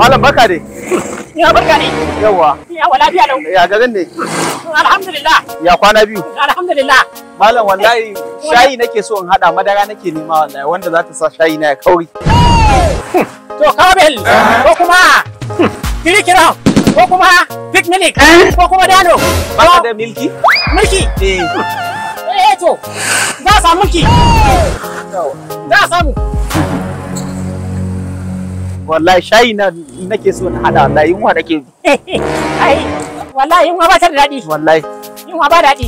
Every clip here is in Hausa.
Malam barka dai. Ya barka dai. ya wala biya lau. Ya garin ne. Alhamdulillah. Ya kwana biyu. Alhamdulillah. Malam wallahi shayi nake so in hada madara nake nema wallahi wanda za ta sa shayi na ya kauri. To kabel ko kuma kirikira ko kuma big milk ko kuma dano. Baka da milki? Milki. Eh. Eh to. Za samu milki. Za a samu. wallahi shayi na nake so na hada wallahi yunwa nake ai wallahi yunwa ba ta da daɗi wallahi yunwa ba daɗi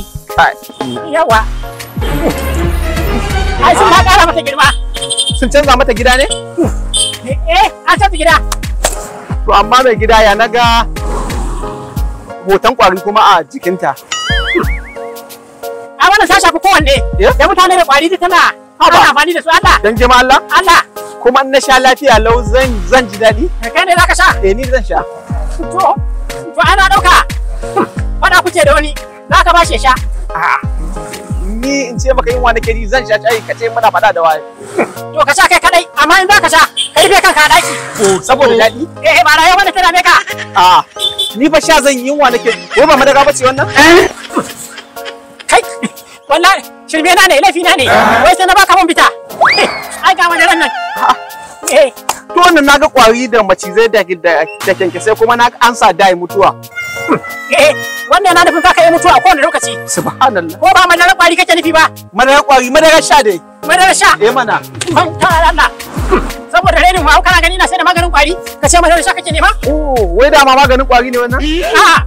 yawa ai sun ma ƙara mata girma sun canza mata gida ne eh, eh an canza gida to amma mai gida ya naga hoton kwari kuma a jikinta a wannan sasha ko kowanne eh? da mutane da kwari tana amfani da su Allah dan jima Allah Allah kuma na sha lafiya lau zan ji daɗi kai ne zaka sha eh ni zan sha to to ana ɗauka Wanda kuke da wani zaka ba shi sha ni in ce maka yin wani kiri zan sha shayi ka ce muna faɗa da waye to ka sha kai kadai amma in zaka sha kai bai kanka To, saboda daɗi eh ba rayuwa bane tana meka Ah, ni fa sha zan yin wani kiri ko ba madara bace wannan eh? kai wallahi shirme na ne laifi na ne eh? wai sai na baka mun fita? Eh, ai ga wani ran nan eh to na ga kwari da macizai da da kyankyasai kuma na an sa dai mutuwa eh wannan yana nufin ka yi mutuwa kowane lokaci subhanallah ko ba madarar kwari kake nufi ba madara kwari madara sha dai madara sha eh mana ta Allah saboda rainin ma kana gani na sai da maganin kwari ka ce madara sha kake nema oh wai da ma maganin kwari ne wannan a'a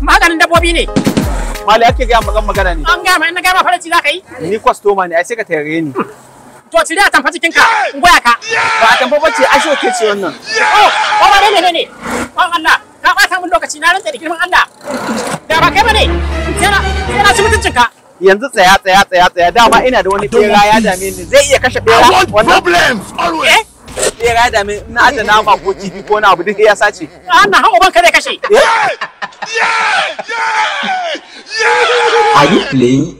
maganin dabbobi ne Mali ake gaya magan magana ne. An gaya ma in na gaya ma faraci za ka yi? Ni kwastoma ne, ai sai ka tare ni. to cire a tamfa cikin ka in goya ka ba tamfa bace asho ke ce wannan oh, oh ba ne ne ne ba Allah ka ta min lokaci na rantsa da girman Allah da ba kai bane ne? na sai na mutuncin ka yanzu tsaya tsaya tsaya tsaya dama ina da wani bera ya dame ni zai iya kashe bera wannan problems always eh? ya dame na aje nama ko kifi ko na abu duk ya sace Allah hawo banka zai kashe Are you playing